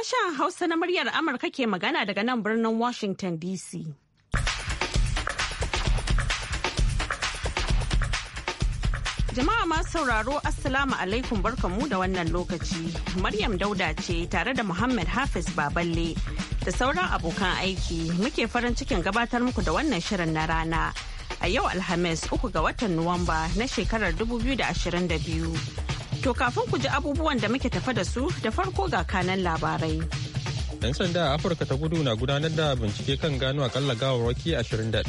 Sashen Hausa na muryar Amurka ke magana daga nan birnin Washington DC. Jama'a masu sauraro Assalamu alaikum barkanmu da wannan lokaci. Maryam Dauda ce tare da Muhammad Hafiz Baballe da sauran abokan aiki muke farin cikin gabatar muku da wannan shirin na rana. A yau Alhamis uku ga watan Nuwamba na shekarar 2022. To kafin ku ji abubuwan da muke tafa da su da farko ga kanan labarai. 'Yan sanda a Afirka ta gudu na gudanar da bincike kan gano akalla gawarwaki 21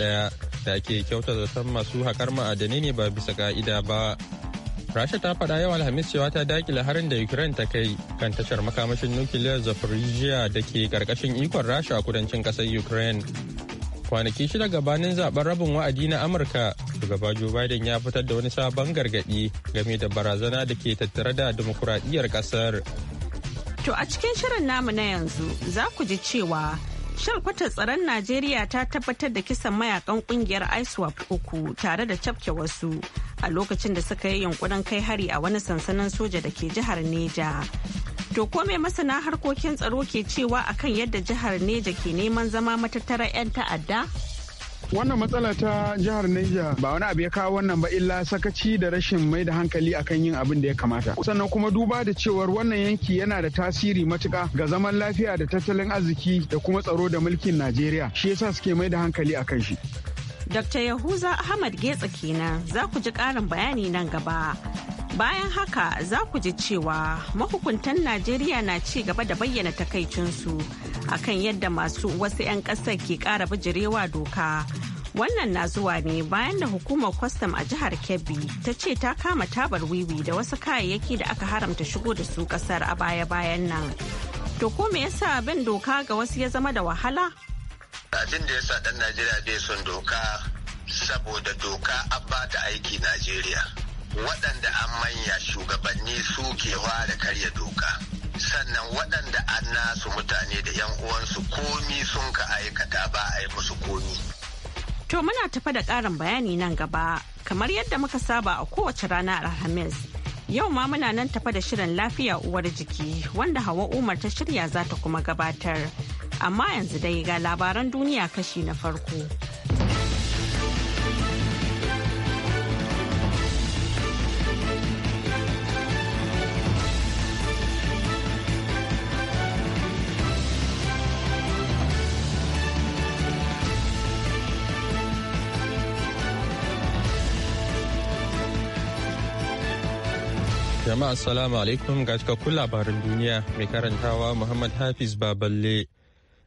da ake kyauta zaton masu haƙar ma'adanai ne ba bisa ka'ida ba. Rasha ta faɗa yau Alhamis cewa ta dakile harin da Ukraine ta kai kan tashar makamashin nukiliyar Zaporizhia da ke ƙarƙashin ikon Rasha a kudancin ƙasar Ukraine. Kwanaki shida gabanin zaben rabin wa'adi na Amurka, shugaba joe biden ya fitar da wani sabon gargaɗi game da barazana da ke tattare da demokuraɗiyyar ƙasar to a cikin shirin namu na yanzu za ku ji cewa shalkwatar tsaron najeriya ta tabbatar da kisan mayakan kungiyar iswap uku tare da cafke wasu a lokacin da suka yi yunkurin kai hari a wani sansanin soja da ke jihar neja To ko mai masana harkokin tsaro ke cewa akan yadda jihar Neja ke neman zama matattarar 'yan ta'adda? Wannan matsala ta jihar Niger ba wani abu ya kawo wannan ba illa sakaci da rashin mai da hankali akan yin abin da ya kamata. Sannan kuma duba da cewar wannan yanki yana da tasiri matuka ga zaman lafiya da tattalin arziki da kuma tsaro da mulkin Najeriya. Shi yasa suke mai da hankali akan shi. Dr. Yahuza Ahmad Getsa kenan za ku ji ƙarin bayani nan gaba. Bayan haka za ku ji cewa mahukuntan Najeriya na ci gaba da bayyana takaicinsu akan yadda masu wasu 'yan ƙasar ke ƙara bijirewa doka Wannan na zuwa ne bayan da hukumar kwastam a jihar Kebbi ta ce ta kama tabar wiwi da wasu kayayyaki da aka haramta shigo da su kasar a baya-bayan nan. To ko me yasa bin doka ga wasu ya zama da wahala? Abin da yasa dan Najeriya bai son doka saboda doka an ba ta aiki Najeriya. Waɗanda an manya shugabanni su ke da karya doka. Sannan waɗanda an nasu mutane da 'yan uwansu komi sun ka aikata ba a yi musu komi. To muna tafa da ƙarin bayani nan gaba, kamar yadda muka saba a kowace rana Alhamis. Yau ma muna nan tafa da shirin lafiya uwar jiki wanda Hawa Umar ta shirya za ta kuma gabatar. Amma yanzu dai ga labaran duniya kashi na farko. Jama'a assalamu alaikum ga cikakkun labarin duniya mai karantawa Muhammad Hafiz Baballe.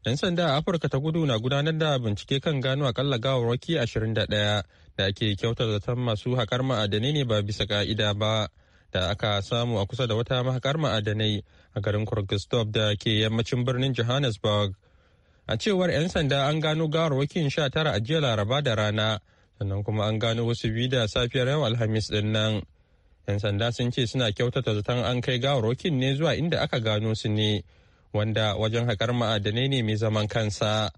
'Yan sanda a Afirka ta gudu na gudanar da bincike kan gano akalla gawarwaki 21 da ake kyautar zaton masu haƙar ma'adanai ne ba bisa ka'ida ba da aka samu a kusa da wata mahaƙar ma'adanai a garin Kurgistov da ke yammacin birnin Johannesburg. A cewar 'yan sanda an gano gawarwakin 19 a jiya Laraba da rana, sannan kuma an gano wasu biyu da safiyar yau Alhamis ɗin nan. 'Yan sanda sun ce suna kyautata zaton an kai gawarwakin ne zuwa inda aka gano su ne, wanda wajen haƙar ma'adanai ne mai zaman kansa.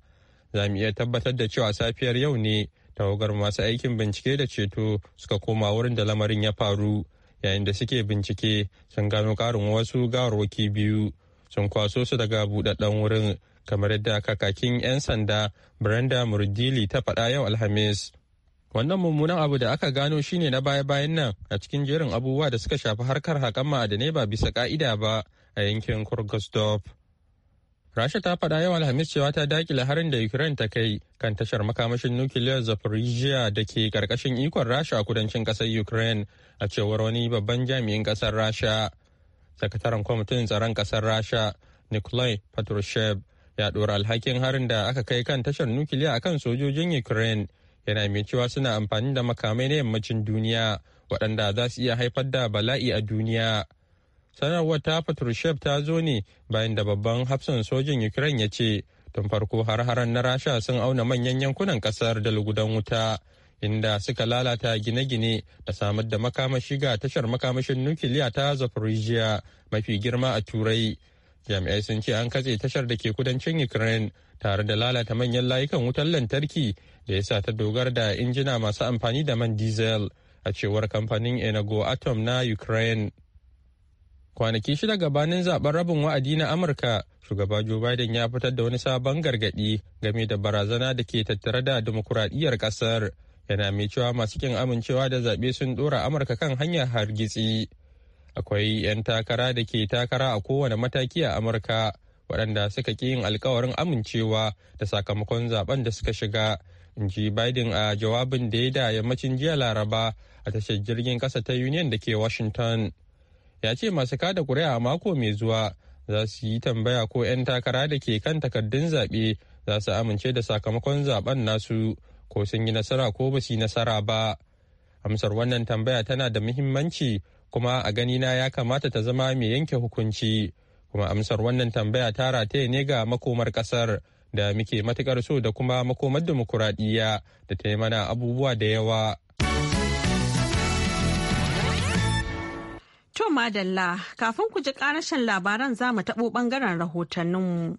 Za mu iya tabbatar da cewa safiyar yau ne tawagar masu aikin bincike da ceto suka koma wurin da lamarin ya faru yayin da suke bincike sun gano ƙarin wasu gawarwaki biyu sun kwaso su daga buɗaɗɗen wurin kamar yadda kakakin 'yan sanda Brenda Murdili ta faɗa yau Alhamis. Wannan mummunan abu da aka gano shine na baya-bayan nan a cikin jerin abubuwa da suka shafi harkar haƙan ma'adanai ba bisa ka'ida ba a yankin Kurgasdorp. Rasha ta faɗa yau Alhamis cewa ta dakile harin da Ukraine ta kai kan tashar makamashin nukiliyar Zaporizhia da ke ƙarƙashin ikon Rasha a kudancin ƙasar Ukraine a cewar wani babban jami'in ƙasar Rasha. Sakataren kwamitin tsaron ƙasar Rasha Nikolai Patrushev ya ɗora alhakin harin da aka kai kan tashar nukiliya akan sojojin Ukraine yana mai cewa suna amfani da makamai na yammacin duniya waɗanda za su iya haifar da bala'i a duniya sanarwar ta patrushev ta zo ne bayan da babban hafsan sojin ukraine ya ce tun farko har-haren na rasha sun auna manyan yankunan kasar da lugudan wuta inda suka lalata gine-gine da samar da makamashi ga tashar makamashin nukiliya ta zaporizhia mafi girma a turai jami'ai sun ce an katse tashar da ke kudancin ukraine tare da lalata manyan layukan wutar lantarki da ya sa ta dogara da injina masu amfani da man diesel a cewar kamfanin enago atom na ukraine kwanaki shida gabanin zaben rabin wa'adi na amurka shugaba joe biden ya fitar da wani sabon gargadi game da barazana da ke tattare da dimokuraɗiyyar ƙasar yana mai cewa masu kin amincewa da zaɓe sun ɗora amurka kan hanyar hargitsi akwai 'yan takara da ke takara a kowane mataki a amurka waɗanda suka ƙi yin alkawarin amincewa da sakamakon zaben da suka shiga in ji biden a jawabin da ya da yammacin jiya laraba a tashar jirgin ƙasa ta union da ke washington ya ce masu kada ƙuri'a a mako mai zuwa za su yi tambaya ko 'yan takara da ke kan takardun zaɓe za su amince da sakamakon zaben nasu ko sun yi nasara ko ba su yi nasara ba amsar wannan tambaya tana da muhimmanci kuma a ganina ya kamata ta zama mai yanke hukunci kuma amsar wannan tambaya ta rataye ne ga makomar kasar da muke matukar so da kuma makomar dimokuraɗiyya da ta yi mana abubuwa da yawa. To madalla kafin ku ji ƙarashin labaran za mu taɓo ɓangaren rahotanninmu.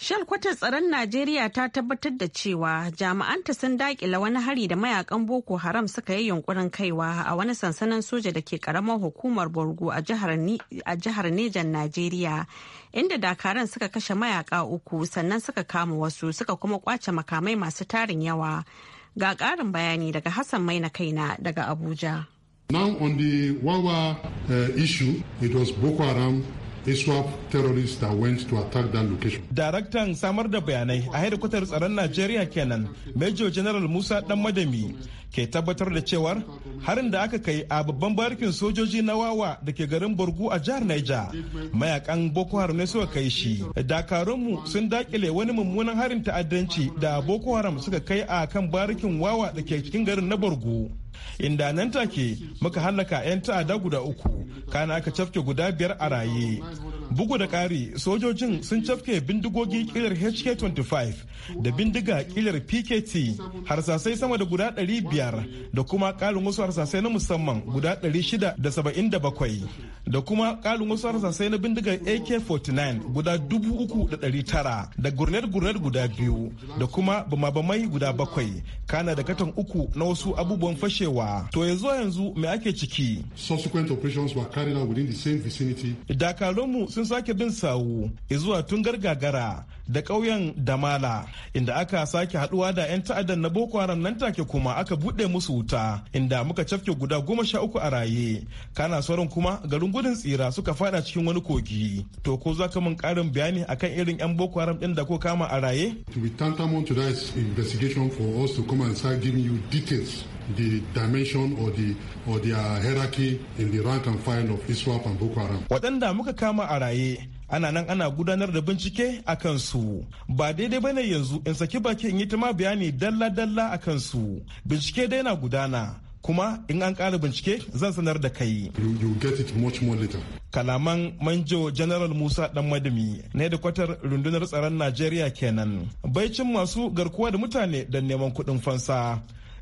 Shalkwatar tsaron Najeriya ta tabbatar da cewa jami'anta sun dakila wani hari da mayakan Boko Haram suka yi yunkurin kaiwa a wani sansanin soja da ke karamar hukumar Borgo a jihar Nejan Najeriya, inda dakaran suka kashe mayaka uku sannan suka kama wasu suka kuma kwace makamai masu tarin yawa. Ga ƙarin bayani daga Hassan mai na kaina daga Abuja. Now on the Wawa uh, issue, it was Boko Haram ISWAP terrorists that went to attack that location. Daraktan samar da bayanai a hedikwatar tsaron Najeriya kenan, Major General Musa Dan Madami ke tabbatar da cewar harin da aka kai a babban barikin sojoji na wawa da ke garin Borgu a jihar Niger. Mayakan Boko Haram ne suka kai shi. Dakarunmu sun dakile wani mummunan harin ta'addanci da Boko Haram suka kai a kan barikin wawa da ke cikin garin na Borgu. inda nan take muka hallaka 'yan ta'adda guda uku kana aka cafke guda biyar a raye bugu da ƙari sojojin sun cafke bindigogi kilar hk-25 da bindiga kilar pkt harsasai sama da guda 500 da kuma ƙarin wasu harsasai na musamman guda 677 da kuma ƙarin wasu harsasai na bindiga ak-49 guda 3,900 da gurnet-gurnet guda biyu da kuma bama-bamai guda bakwai kana da katon uku na wasu abubuwan fashewa to yanzu yanzu me ake ciki subsequent operations were carried out within the same vicinity dakarunmu sun sake bin sawu izuwa tun gargagara da ƙauyen Damala inda aka sake haɗuwa da 'yan ta'addan na Boko Haram nan take kuma aka buɗe musu wuta inda muka cafke guda goma sha uku a raye kana sauran kuma garin gudun tsira suka fada cikin wani kogi to ko za ka min ƙarin bayani akan irin 'yan Boko Haram ɗin da ko kama a raye? We to that investigation for us to come and start giving you details the dimension or the or their hierarchy in the rank and file of ISWAP and Boko Haram. Waɗanda muka kama a raye ana nan ana gudanar da bincike a kansu ba daidai bane yanzu in saki baki in yi ta ma bayani dalla-dalla a kansu bincike dai na gudana kuma in an kara bincike zan sanar da kai. Kalaman Manjo General Musa Dan Madami na da kwatar rundunar tsaron Najeriya kenan. Baicin masu garkuwa da mutane don neman kuɗin fansa.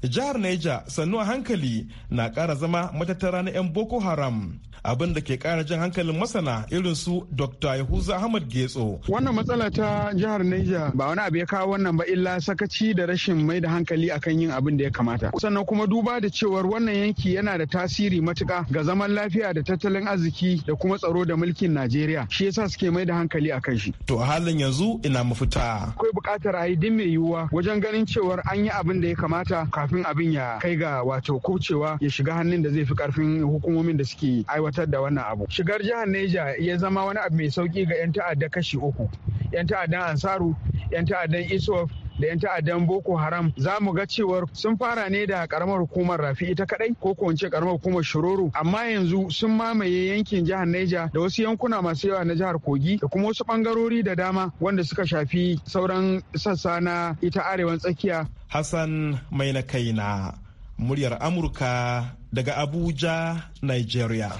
jihar Neja sannu a hankali na ƙara zama matattara na 'yan Boko Haram abin da ke kara jan hankalin masana irin su Dr. Yahuza Ahmad Getso. Wannan matsala ta jihar Neja ba wani abu ya kawo wannan ba illa sakaci da rashin mai da hankali akan yin abin da ya kamata. Sannan kuma duba da cewar wannan yanki yana da tasiri matuka ga zaman lafiya da tattalin arziki da kuma tsaro da mulkin Najeriya. Shi yasa suke mai da hankali akan shi. To a halin yanzu ina mafita. Akwai buƙatar a yi din mai yiwuwa wajen ganin cewar an yi abin da ya kamata kafin kafin abin ya kai ga wato kucewa ya shiga hannun da zai fi karfin hukumomin da suke aiwatar da wannan abu shigar jihar neja ya zama wani abu mai sauki ga 'yan ta'adda kashi uku 'yan ta'addan ansaru 'yan ta'addan isof da 'yan ta'addan boko haram za mu ga cewar sun fara ne da karamar hukumar rafi ita kadai ko ko ce karamar hukumar shiroro amma yanzu sun mamaye yankin jihar neja da wasu yankuna masu yawa na jihar kogi da kuma wasu bangarori da dama wanda suka shafi sauran sassa na ita arewan tsakiya hassan mai na kaina muryar amurka daga abuja nigeria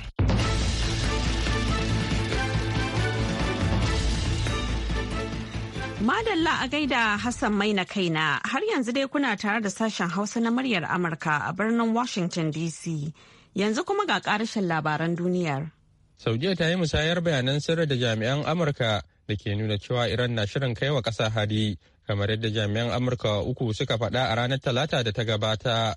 Madalla a gaida Hassan na kaina har yanzu dai kuna tare da sashen Hausa na muryar Amurka a birnin Washington DC. Yanzu kuma ga karashin labaran duniyar. Saudiya ta yi musayar bayanan sirri da jami'an Amurka da ke nuna cewa Iran na shirin kaiwa ƙasa hari kamar yadda jami'an Amurka uku suka faɗa a ranar Talata da ta gabata.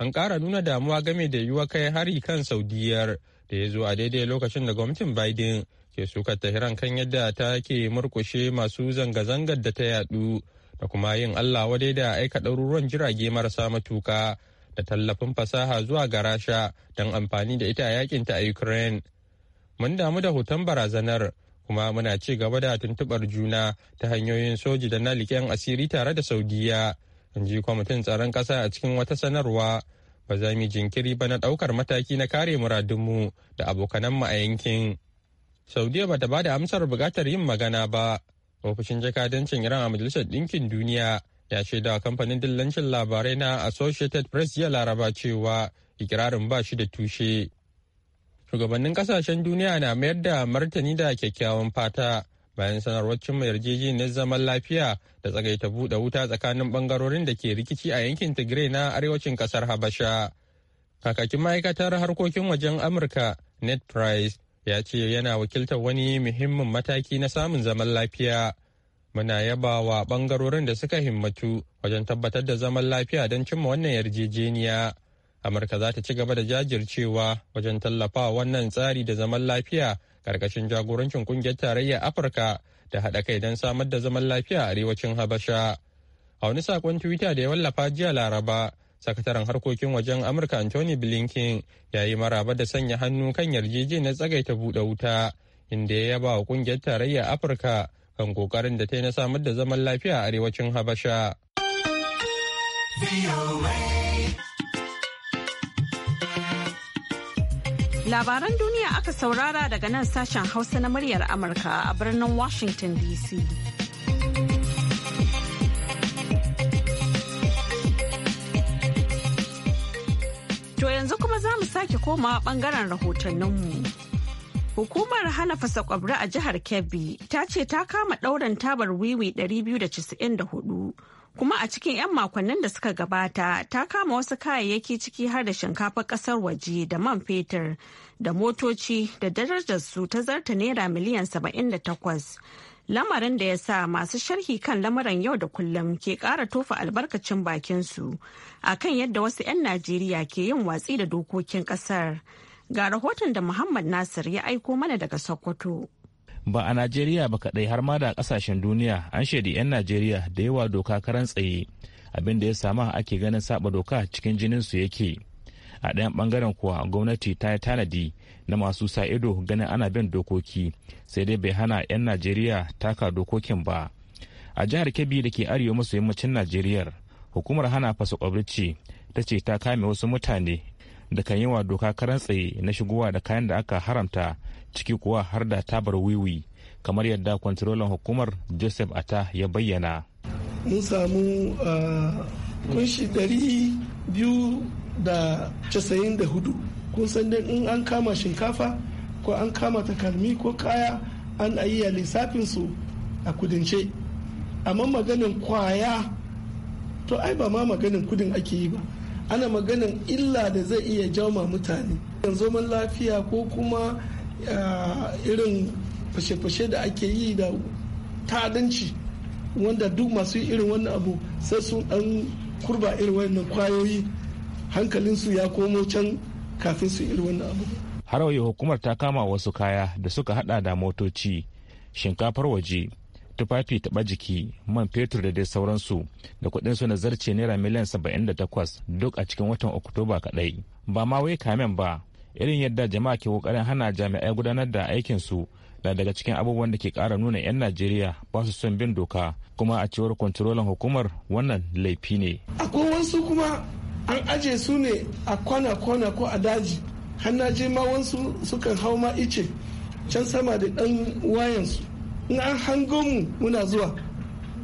An ƙara nuna damuwa game da yiwuwa kai hari kan Saudiyar da ya zo a daidai lokacin da gwamnatin Biden ke suka Tehran kan yadda ta ke murkushe masu zanga-zangar da ta yadu da kuma yin Allah wadai da aika ɗaruruwan jirage marasa matuka da tallafin fasaha zuwa ga Rasha don amfani da ita a ta a Ukraine. Mun damu da hoton barazanar kuma muna ci gaba da tuntuɓar juna ta hanyoyin soji da na liken asiri tare da Saudiya. In ji kwamitin tsaron ƙasa a cikin wata sanarwa. Ba za mu jinkiri ba na ɗaukar mataki na kare muradunmu da abokananmu a yankin. saudiya bata ba da amsar bukatar yin magana ba ofishin jakadancin iran a majalisar ɗinkin duniya ya shaida kamfanin dillancin labarai na associated press jiya laraba cewa ikirarin ba shi da tushe shugabannin kasashen duniya na mayar da martani da kyakkyawan fata bayan sanarwar cimma yarjejeniyar zaman lafiya da tsagaita buɗe wuta tsakanin bangarorin da ke rikici a yankin tigray na arewacin kasar habasha kakakin ma'aikatar harkokin wajen amurka ned price ya ce yana wakiltar wani muhimmin mataki na samun zaman lafiya. Muna yaba wa ɓangarorin da suka himmatu wajen tabbatar da zaman lafiya don cimma wannan yarjejeniya. Amurka za ta ci gaba da jajircewa wajen tallafa wannan tsari da zaman lafiya ƙarƙashin jagorancin ƙungiyar tarayyar Afirka da haɗa kai don samar da zaman lafiya a arewacin Habasha. A wani sakon Twitter da ya wallafa jiya Laraba, sakataren harkokin wajen amurka anthony blinken ya yi maraba da sanya hannu kan yarjejeniyar tsagaita buɗe wuta inda ya yaba wa ƙungiyar tarayya afirka kan kokarin da ta yi na samar da zaman lafiya a arewacin habasha labaran duniya aka saurara daga nan sashen hausa na muryar amurka a birnin washington dc To yanzu kuma za mu sake koma bangaren rahotanninmu. Hukumar hana Fasa kwabri a jihar Kebbi ta ce ta kama ɗaurin tabar wiwi 294 kuma a cikin 'yan makonnin da suka gabata ta kama wasu kayayyaki ciki har da shinkafar ƙasar waje da man fetur da motoci da darajar su ta zarta naira miliyan 78 lamarin da ya sa masu sharhi kan lamarin yau da kullum ke ƙara tofa albarkacin bakinsu a kan yadda wasu 'yan najeriya ke yin watsi da dokokin ƙasar ga rahoton da muhammad nasir ya aiko mana daga sokoto ba a najeriya ba kaɗai har ma da kasashen duniya an shaidi 'yan najeriya da yawa doka karan tsaye abin da ya sama ake ganin saba doka cikin jininsu yake a ɗayan ɓangaren kuwa gwamnati ta yi tanadi na masu sa ido ganin ana bin dokoki sai dai bai hana 'yan najeriya taka dokokin ba a jihar kebbi da ke arewa maso yammacin najeriya hukumar hana fasa kwabrici ta ce ta kame wasu mutane da kan yi wa doka karan tsaye na shigowa da kayan da aka haramta ciki kuwa har da tabar wiwi kamar yadda kwantarolan hukumar joseph ata ya bayyana mun samu kunshi ah, dari biyu da casa'in da hudu kun san dai in an kama shinkafa ko an kama takalmi ko kaya an ayi lissafin su a kudince amma maganin kwaya to ai ba ma maganin kudin ake yi ba ana maganin illa da zai iya jauma mutane zoman lafiya ko kuma eh, irin fashe-fashe da ake yi da tadanci wanda duk masu irin wannan abu sai sun dan kurba irin wannan kwayoyi hankalinsu ya komo can kafin su iri wannan abu har yau hukumar ta kama wasu kaya da suka hada da motoci shinkafar waje tufafi taɓa jiki man fetur da dai sauransu da kuɗin su na zarce naira miliyan saba'in da takwas duk a cikin watan oktoba kaɗai ba ma wai kamen ba irin yadda jama'a ke kokarin hana jami'ai gudanar da aikin su na daga cikin abubuwan da ke ƙara nuna 'yan najeriya ba su son bin doka kuma a cewar kwantarolan hukumar wannan laifi ne akwai wasu kuma an aje su ne a kwana-kwana ko a daji hannaje ma wansu sukan hau ma ice can sama da ɗan wayansu in an hango mu muna zuwa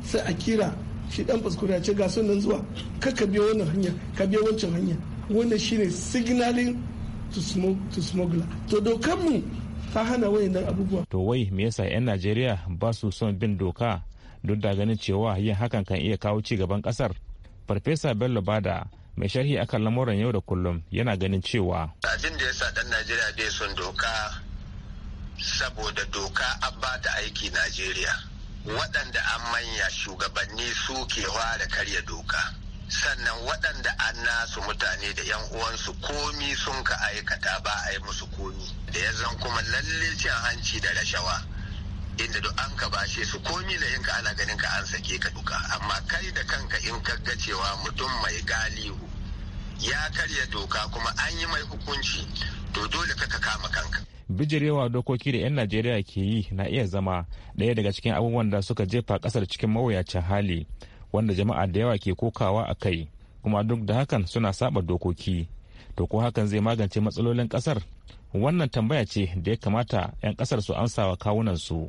sai a kira shi ɗan fuskura ce ga sunan zuwa ka ka biyo wannan hanya ka biyo wancan hanya wannan shine signaling to smuggler to dokar mu ta hana wayannan abubuwa to wai me yasa yan Najeriya ba su son bin doka duk da ganin cewa yin hakan kan iya kawo ci gaban kasar farfesa bello bada mai sharhi akan lamuran yau da kullum yana ganin cewa abin da yasa ɗan najeriya bai son doka saboda doka an ba da aiki najeriya waɗanda an manya shugabanni su ke da karya doka sannan waɗanda an nasu mutane da 'yan uwansu komi sun ka aikata ba a yi musu komi da ya zan kuma lalle cin hanci da rashawa inda duk an ka bashe su komi da yanka ana ganin ka an sake ka duka amma kai da kanka in ka ga cewa mutum mai galihu ya karya doka kuma an yi mai hukunci to dole ka kama kanka bijirewa dokoki da 'yan najeriya ke yi na iya zama ɗaya daga cikin abubuwan da suka jefa ƙasar cikin mawuyacin hali wanda jama'a da yawa ke kokawa a kai kuma duk da hakan suna saba dokoki to ko hakan zai magance matsalolin ƙasar wannan tambaya ce da ya kamata 'yan ƙasar su amsa ansawa kawunansu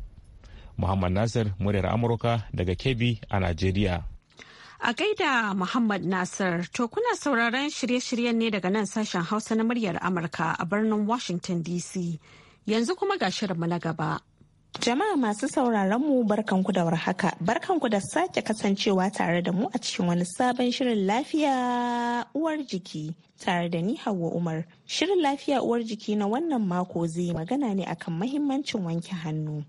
muhammad nasir muryar amurka daga kebbi a najeriya A gaida Muhammad Nasir, to kuna sauraron shirye-shiryen ne daga nan sashen Hausa na muryar Amurka a birnin Washington DC. Yanzu kuma ga shirin mu na gaba. Jama'a masu sauraron mu barkanku da warhaka, barkanku da sake kasancewa tare da mu a cikin wani sabon shirin lafiya uwar jiki tare da ni Hauwa Umar. Shirin lafiya uwar jiki na wannan mako zai magana ne akan mahimmancin wanke hannu.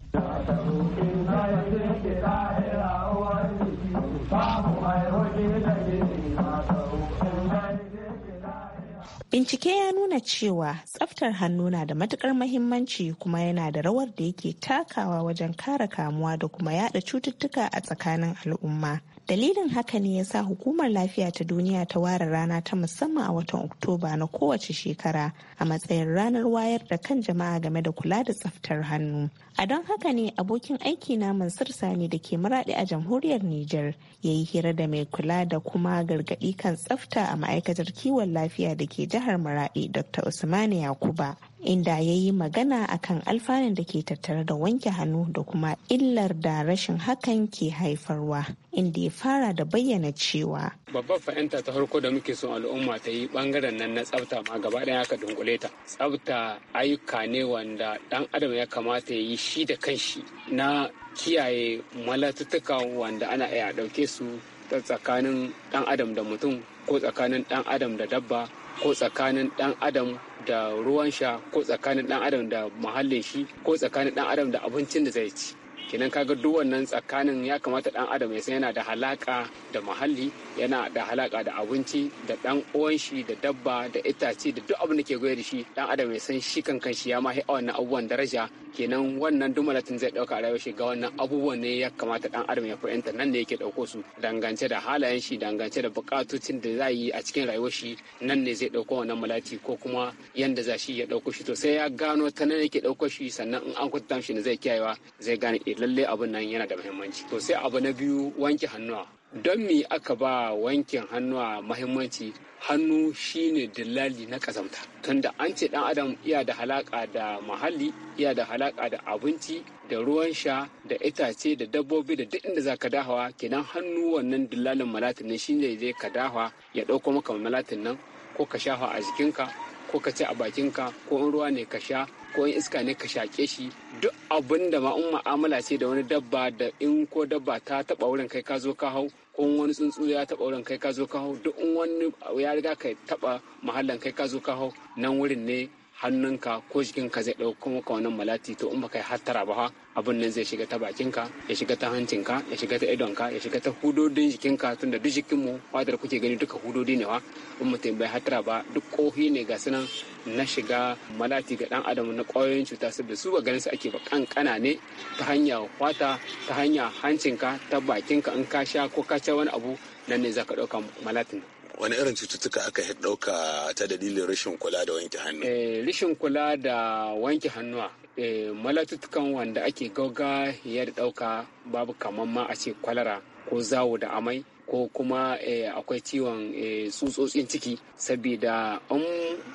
Bincike ya nuna cewa tsaftar hannu na da matukar mahimmanci kuma yana da rawar da yake takawa wajen kare kamuwa da kuma yada cututtuka a tsakanin al'umma. Dalilin haka ne ya sa hukumar lafiya ta duniya ta ware rana ta musamman a watan Oktoba na kowace shekara a matsayin ranar wayar da kan jama'a game da kula da tsaftar hannu. A don haka ne abokin aiki na Mansur Sani da ke muradi a jamhuriyar Niger, ya yi hira da mai kula da kuma gargaɗi kan tsafta a ma'aikatar kiwon lafiya da ke jihar Maraɗi Dr. Usmani Yakuba inda ya yi magana akan alfanun da ke tattare da wanke hannu da kuma illar da rashin hakan ke haifarwa inda ya fara da bayyana cewa babbar fahimta ta farko da muke son al'umma ta yi bangaren nan na tsafta ma gaba ɗaya aka dunkule ta tsafta ayyuka ne wanda ɗan adam ya kamata ya yi shi da kanshi na kiyaye malatuttuka wanda ana iya ɗauke su ta tsakanin ɗan adam da mutum ko tsakanin ɗan adam da dabba ko tsakanin ɗan adam da ruwan sha ko tsakanin dan adam da muhallin shi ko tsakanin dan adam da abincin da zai ci kenan ga duk wannan tsakanin ya kamata dan adam ya san yana da halaka da muhalli yana da halaka da abinci da dan uwan shi da dabba da itace da duk abin da ke goye da shi dan adam ya san shi kan kanshi ya ma hi a wannan abubuwan daraja kenan wannan dumalatin zai dauka rayuwar shi ga wannan abubuwan ne ya kamata dan adam ya fahimta nan ne yake dauko su dangance da halayen shi dangance da bukatocin da za yi a cikin rayuwar shi nan ne zai dauko wannan malati ko kuma yanda za shi ya dauko shi to sai ya gano ta nan yake dauko shi sannan in an kwatanta shi ne zai kiyayewa zai gane eh, lallai abin nan yana da muhimmanci to sai abu na biyu wanke hannuwa don me aka ba wankin hannuwa mahimmanci hannu shine dillali na kazamta tunda an ce dan adam iya da halaka da muhalli iya da halaka da abinci da ruwan sha da itace da dabbobi da duk inda za ka dahawa kenan hannu wannan dillalin malatin ne shine zai ka dahawa ya dauko maka malatin nan ko ka shafa a jikinka ko ka ci a bakinka ko in ruwa ne ka sha ko in iska ne ka shaƙe shi duk abin da ma ma'amala ce da wani dabba da in ko dabba ta taɓa wurin kai ka zo ka hau ko wani tsuntsu ya taɓa wurin kai ka zo ka hau duk wani ya riga ka taba mahallan kai ka zo ka hau nan wurin ne hannunka ko jikinka zai ɗauko maka wannan malati to in baka yi hattara ba abin nan zai shiga ta bakinka ya shiga ta hancinka ya shiga ta idonka ya shiga ta hudodin jikinka tunda duk jikinmu fatar kuke gani duka hudodi ne wa in mutum bai hatara ba duk kohi ne ga sunan na shiga malati ga dan adam na kwayoyin cuta su saboda su ba ganin su ake ba kankana ne ta hanya fata ta hanya hancinka ta bakinka in ka sha ko ka ci wani abu nan ne za ka ɗauka malatin wani irin cututtuka aka ɗauka ta dalilin rashin kula da wanke hannu? Eh, rashin kula da wanke hannuwa Eh, malatuttukan wanda ake gauga ya da ɗauka babu kamar ma a ce kwalara ko zawo da amai ko kuma eh, akwai ciwon eh, tsutsotsin ciki saboda an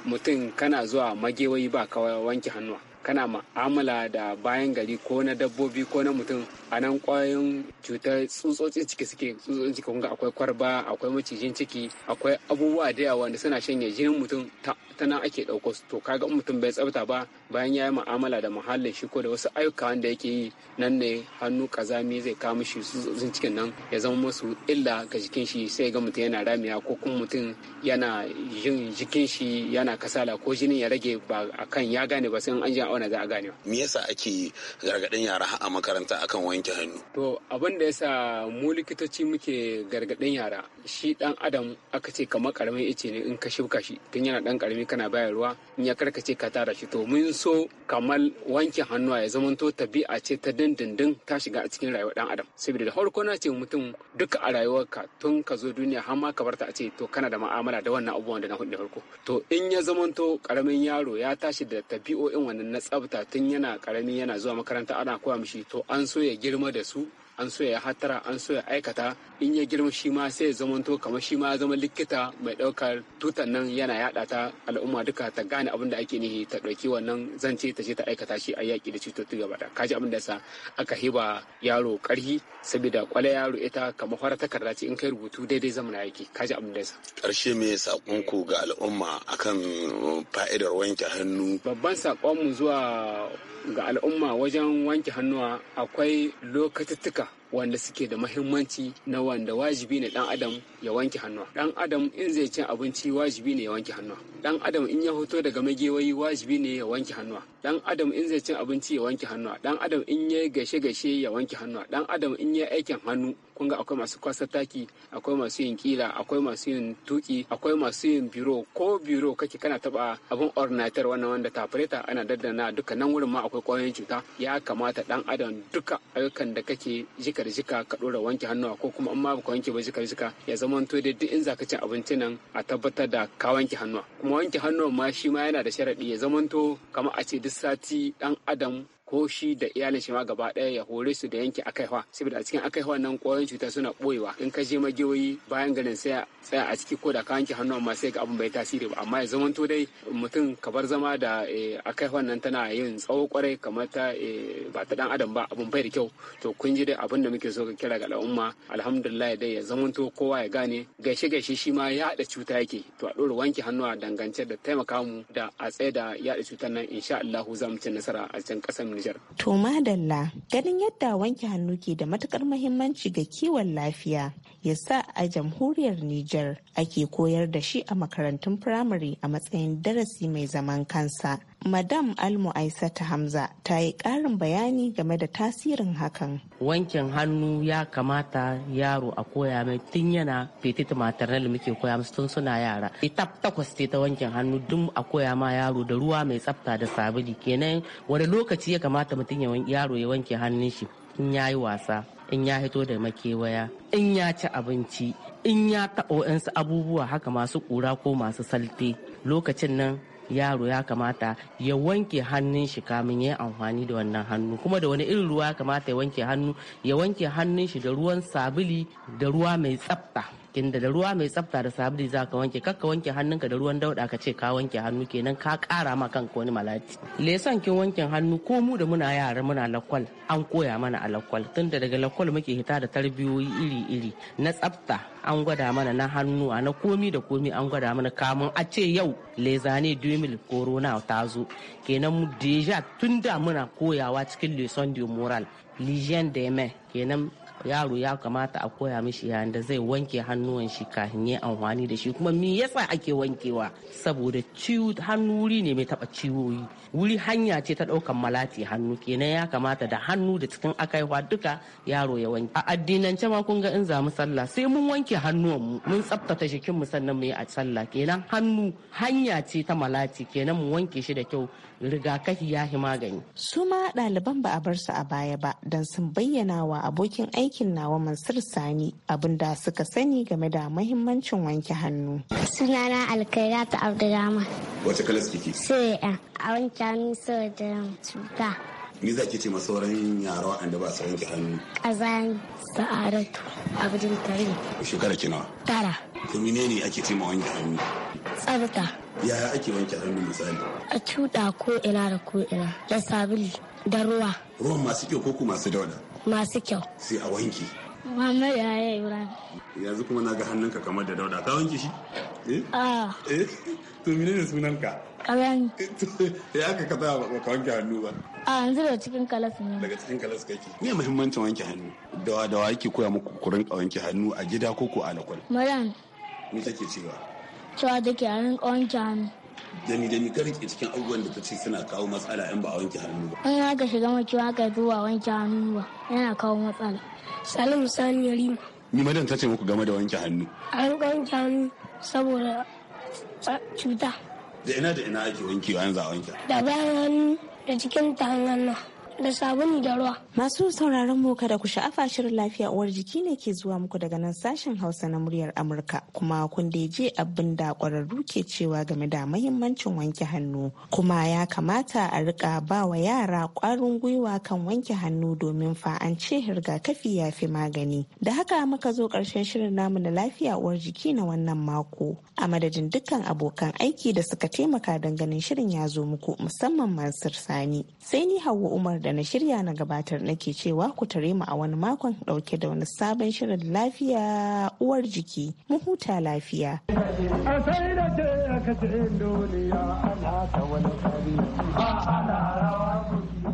mutum kana zuwa magewayi ba kawai wanke hannuwa kana ma'amala da bayan gari ko na dabbobi ko na mutum a nan kwayoyin cutar tsutsotsin ciki suke tsutsotsin ciki kunga akwai kwarba akwai macijin ciki akwai abubuwa da yawa wanda suna shanye jinin mutum ta ta nan ake ɗauko su to kaga in mutum bai tsabta ba bayan ya yi mu'amala da muhallin shi ko da wasu ayyuka wanda yake yi nan ne hannu kazami zai kama shi su cikin nan ya zama masu illa ga jikin shi sai ga mutum yana ramiya ko kuma mutum yana yin jikin shi yana kasala ko jinin ya rage ba akan ya gane ba sai an ji auna za a gane me yasa ake gargadin yara a makaranta akan wanke hannu to abin da yasa mu likitoci muke gargadin yara shi dan adam aka ce kamar karamin ice ne in ka shibka shi tun yana dan karami kana bayarwa in ya karkace ka tara shi to mun so kamar wanke hannuwa ya zamanto tabi'a ce ta dindindin ta shiga a cikin rayuwar dan adam saboda da farko na ce mutum duka a rayuwarka tun ka zo duniya har ma ka barta a ce to kana da ma'amala da wannan abubuwan da na hudu da farko to in ya zamanto karamin yaro ya tashi da tabi'o'in wannan na tsabta tun yana karami yana zuwa makaranta ana koya mishi to an so ya girma da su an so ya hatara an so ya aikata in ya girma shi ma sai ya zamanto kamar shi ma zama likita mai ɗaukar tutan nan yana yaɗa ta al'umma duka ta gane abin da ake nihi ta ɗauki wannan zance ta ce ta aikata shi a yaki da cututtuka gaba da kaji abin da sa aka hiba yaro karhi saboda kwale yaro ita kamar fara takarda ce in kai rubutu daidai na yake kaji abin da sa. karshe me ku ga al'umma akan uh, fa'idar wanke hannu. babban mu zuwa ga al'umma wajen wanke hannuwa akwai lokacittuka 있습니다. wanda suke da mahimmanci na wanda wajibi ne dan adam ya wanke hannu dan adam in zai ci abinci wajibi ne ya wanke hannu dan adam in ya hoto daga magewayi wajibi ne ya wanke hannu dan adam in zai ci abinci ya wanke hannu dan adam in ya gaishe gaishe ya wanke hannu dan adam in ya aikin hannu kun akwai masu kwasa taki akwai masu yin kila akwai masu yin tuki akwai masu yin biro ko biro kake kana taba abun ordinator wannan wanda tafareta ana daddana duka nan wurin ma akwai kwayoyin cuta ya kamata dan adam duka ayyukan da kake ji jika da jika ka dora wanke hannuwa ko kuma in ma ka wanke ba jika da jika ya zama to da duk in zaka cin abinci nan a tabbatar da ka wanke hannuwa kuma wanke hannuwa ma shi ma yana da sharadi ya zama to kamar a ce duk sati dan adam ko shi da iyalin shi ma gaba ɗaya ya hore su da yanke akaiwa saboda a cikin akaiwa nan ƙwayoyin cuta suna ɓoyewa in ka je magiyoyi bayan ganin sai tsaya a ciki ko da ka yanke hannu amma sai ga abin bai tasiri ba amma ya to dai mutum ka bar zama da eh, akaiwa nan tana yin tsawo kwarai kamar ta eh, ba ta dan adam ba abin bai da kyau to kun ji dai abin da muke so ka kira ga al'umma alhamdulillah dai ya zamanto kowa ya gane gaishe gaishe shi ma ya haɗa cuta yake to a ɗora wanke hannu a dangance da taimaka mu da a tsaye da yaɗa cutar nan insha Allah za mu ci nasara a cikin ƙasar Nijar. To madalla ganin yadda wanke hannu ke da matukar muhimmanci ga kiwon lafiya ya sa a jamhuriyar Nijar ake koyar da shi a makarantun firamare a matsayin darasi mai zaman kansa madam almu aisata hamza ta yi karin bayani game da tasirin hakan wankin hannu ya kamata yaro a koya mai tun yana petit da muke koya musu tun suna yara ita takwas ce ta wankin hannu dum a koya ma yaro da ruwa mai tsafta da sabulu kenan wani lokaci ya kamata mutum yaro ya wanke hannun shi in ya yi wasa in ya hito da makewaya in ya ci abinci in ya taɓa abubuwa haka masu ƙura ko masu salte lokacin nan yaro ya kamata ya wanke hannun shi kamin ya amfani da wannan hannu kuma da wani irin ruwa ya kamata ya wanke hannu ya wanke hannun shi da ruwan sabili da ruwa mai tsafta cikin da ruwa mai tsafta da sabulu za ka wanke kakka wanke hannunka da ruwan dauda ka ce ka wanke hannu kenan ka kara ma kanka wani malati lesan kin wankin hannu ko mu da muna yara muna lakwal an koya mana a lakwal tunda daga lakwal muke hita da tarbiyoyi iri-iri na tsafta an gwada mana na hannu a na komi da komi an gwada mana kamun a ce yau lezane dumil corona ta zo kenan mu deja tun da muna koyawa cikin leson de moral legion de kenan yaro ya kamata a koya mishi yayin da zai wanke hannuwan shi kafin ya amfani da shi kuma me yasa ake wankewa saboda ciwo hannu wuri ne mai taba ciwoyi wuri hanya ce ta daukan malati hannu kenan ya kamata da hannu da cikin akaiwa duka yaro ya wanke a addinance ma kun ga in zamu sallah sai mun wanke hannuwan mu mun tsaftace jikin mu sannan mu yi a sallah kenan hannu hanya ce ta malati kenan mu wanke shi da kyau rigakafi ya fi magani. su ma ɗaliban ba a bar su a baya ba don sun bayyana wa abokin aikin nawa mansur sani abin da suka sani game da mahimmancin wanke hannu. sunana alkaira ta abdurrahman. wace kalas kike? sai a wanke hannu sau da cuta. ni za ki ce ma sauran yara waɗanda ba su wanke hannu. Kazan sa'aratu abdul karim. Shekara kina? Tara. To menene ake ce ma wanke hannu? Tsarta. yaya ake wanke hannu misali a cuɗa ko ina da ko ina da sabulu da ruwa ruwan masu kyau ko kuma masu dauda masu kyau sai a wanke mama ya yi Ibrahim. Yanzu kuma na ga hannunka kamar da dauda ka wanke shi? Eh? Ah. Eh? To mene ne sunanka? Kalani. Ya aka ka sa ka wanke hannu ba? A ah, yanzu daga cikin kalas ne. Daga cikin kalas kake. Me muhimmancin wanke hannu? Dawa dawa yake koya muku kurin wanke hannu a gida ko ko a lakwal? Maryam. Me take cewa? cewa da ke rinka wanke hannu dami dami ka rike cikin abubuwan da ta ce suna kawo matsala in ba a wanke hannu ba in haka shiga makiwa haka zuwa wanke hannu ba yana kawo matsala salim sani yarima ni madan ta ce muku game da wanke hannu a rinka wanke hannu saboda cuta da ina da ina ake wankewa yanzu a wanke da bayan hannu da cikin ta hannun da sabulu da ruwa. Masu sauraron mu kada ku sha'afa shirin lafiya uwar jiki ne ke zuwa muku daga nan sashen Hausa na muryar Amurka kuma kun da je abin da ƙwararru ke cewa game da mahimmancin wanke hannu kuma ya kamata a riƙa ba wa yara ƙwarin gwiwa kan wanke hannu domin fa an ce rigakafi ya fi magani. Da haka muka zo ƙarshen shirin namu na lafiya uwar jiki na wannan mako. A madadin dukkan abokan aiki da suka taimaka don ganin shirin ya zo muku musamman Mansur Sani. Sai ni Hauwa Umar da na shirya na gabatar nake cewa ku tare mu a wani makon dauke da wani sabon shirin lafiya uwar jiki mu huta lafiya.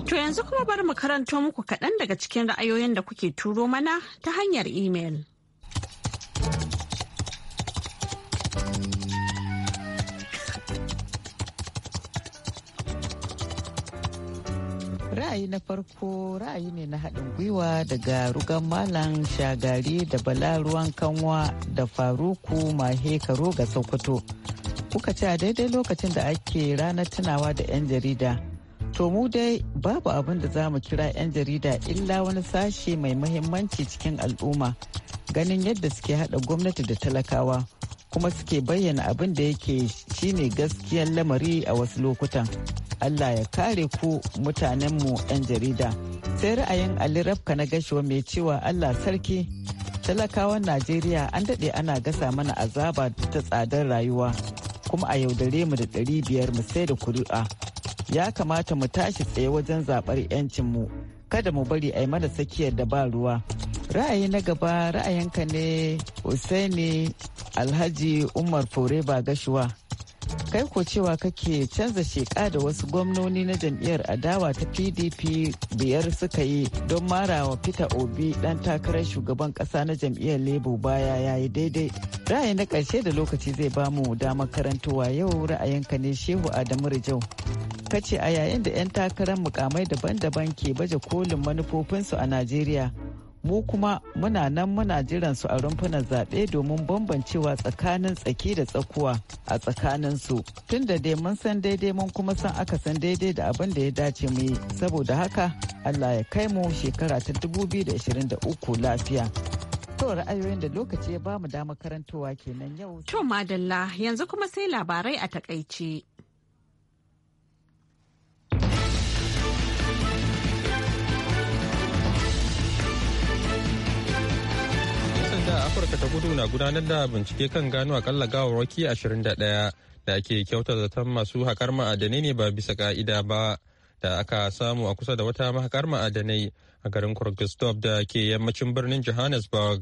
To yanzu kuma bari mu karanto muku kaɗan daga cikin ra'ayoyin da kuke turo mana ta hanyar imel. ra'ayi na farko ra'ayi ne na haɗin gwiwa daga rugan malam shagari da bala ruwan kanwa da faruku mahe karo ga sokoto kuka ce a daidai lokacin da ake ranar tunawa da 'yan jarida to mu dai babu abin da za mu kira 'yan jarida illa wani sashe mai mahimmanci cikin al'umma ganin yadda suke haɗa gwamnati da talakawa kuma suke bayyana abin da yake shine gaskiyar lamari a wasu lokutan Allah ya kare ku mutanenmu 'yan jarida. Sai ra'ayin Ali Rafka na gashuwa mai cewa Allah sarki talakawan Najeriya an daɗe ana gasa mana azaba ta tsadar rayuwa kuma a yaudare mu da ɗari biyar mu sai da kuri'a. Ya kamata mu tashi tsaye wajen zaɓar 'yancinmu kada mu bari a yi mana tsakiyar da ba ruwa. Ra'ayi na gaba ra'ayinka ne Usaini Alhaji Umar Fore ba gashuwa. kai ko cewa kake canza sheka da wasu gwamnoni na jam'iyyar adawa ta pdp biyar suka yi don marawa peter obi dan takarar shugaban kasa na jam'iyyar labour baya ya yi daidai ra'ayi na karshe da lokaci zai ba mu damar karantowa yau ra'ayinka ne shehu adamu rijau kace a yayin da 'yan takarar mukamai daban-daban ke baje kolin manufofinsu a najeriya mu kuma muna nan muna jiran su a rumfunan zaɓe domin bambancewa tsakanin tsaki da tsakuwa a tsakanin su tun da dai mun san daidai mun kuma san aka san daidai da abin da ya dace mu yi saboda haka allah ya kai mu shekara ta 2023 lafiya to ra'ayoyin da lokaci ya ba mu dama karantowa kenan yau to madalla yanzu kuma sai labarai a takaice Afirka ta gudu na gudanar da bincike kan gano akalla gawarwaki 21 da ake kyautar zaton masu haƙar ma'adanai ne ba bisa ka'ida ba da aka samu a kusa da wata mahaƙar ma'adanai a garin kurgistop da ke yammacin birnin Johannesburg.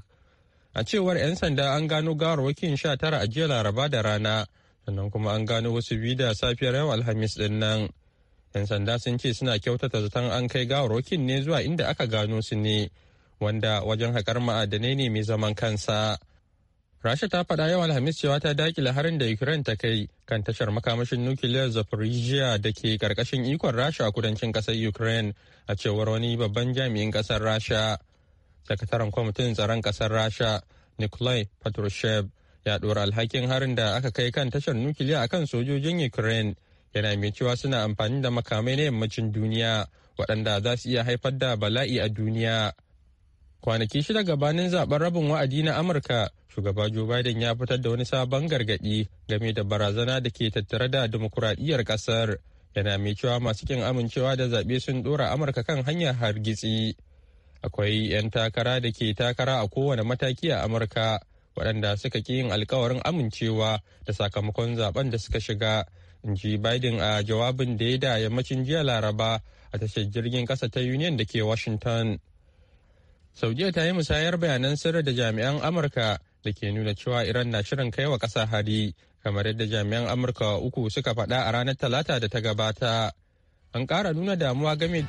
A cewar 'yan sanda an gano gawarwakin 19 a jiya Laraba da rana, sannan kuma an gano wasu biyu da safiyar yau Alhamis din nan. 'Yan sanda sun ce suna kyautata zaton an kai gawarwakin ne zuwa inda aka gano su ne. wanda wajen haƙar ma'adanai ne mai zaman kansa. Rasha ta faɗa yau Alhamis cewa ta dakile harin da Ukraine ta kai kan tashar makamashin nukiliyar Zaporizhia da ke ƙarƙashin ikon Rasha a kudancin ƙasar Ukraine a cewar wani babban jami'in ƙasar Rasha. Sakataren kwamitin tsaron ƙasar Rasha Nikolai Patrushev ya ɗora alhakin harin da aka kai kan tashar nukiliya kan sojojin Ukraine yana mai cewa suna amfani da makamai na yammacin duniya waɗanda za su iya haifar da bala'i a duniya. kwanaki shida gabanin zaben rabin wa'adi na amurka shugaba joe biden ya fitar da wani sabon gargadi game da barazana da ke tattare da dimokuraɗiyyar ƙasar yana mai cewa masu kin amincewa da zaɓe sun ɗora amurka kan hanyar hargitsi akwai 'yan takara da ke takara a kowane mataki a amurka waɗanda suka ƙi yin alkawarin amincewa da sakamakon zaben da suka shiga in ji biden a jawabin da ya da yammacin jiya laraba a tashar jirgin ƙasa ta union da ke washington sau jiya ta yi musayar bayanan sirri da jami'an amurka da ke nuna cewa iran na shirin kai wa ƙasa hari kamar yadda jami'an amurka uku suka faɗa a ranar talata da ta gabata an kara nuna damuwa game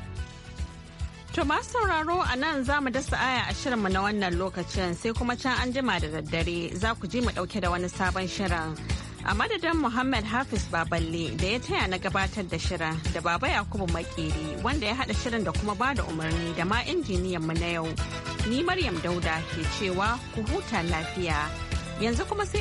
To masu sauraro a nan za mu dasa aya a shirinmu na wannan lokacin sai kuma can an jima da daddare za ku ji mu ɗauke da wani sabon shirin. A madadin Muhammad Hafiz Baballe da ya taya na gabatar da shirin da Baba Yakubu Makeri wanda ya haɗa shirin da kuma bada umarni da ma injiniyan mu na yau. Ni Maryam Dauda ke cewa ku huta lafiya. Yanzu kuma sai